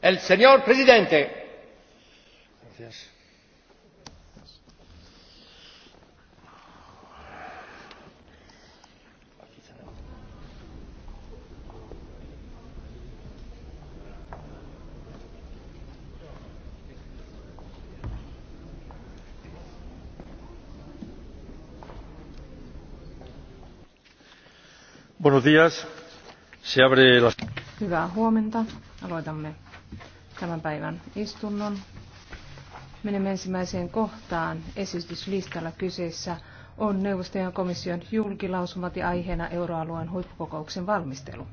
El señor presidente. Gracias. Buenos días. Se abre la... Hyvää huomenta. Aloitamme tämän päivän istunnon. Menemme ensimmäiseen kohtaan esityslistalla kyseessä on neuvostojen komission julkilausumat ja aiheena euroalueen huippukokouksen valmistelu.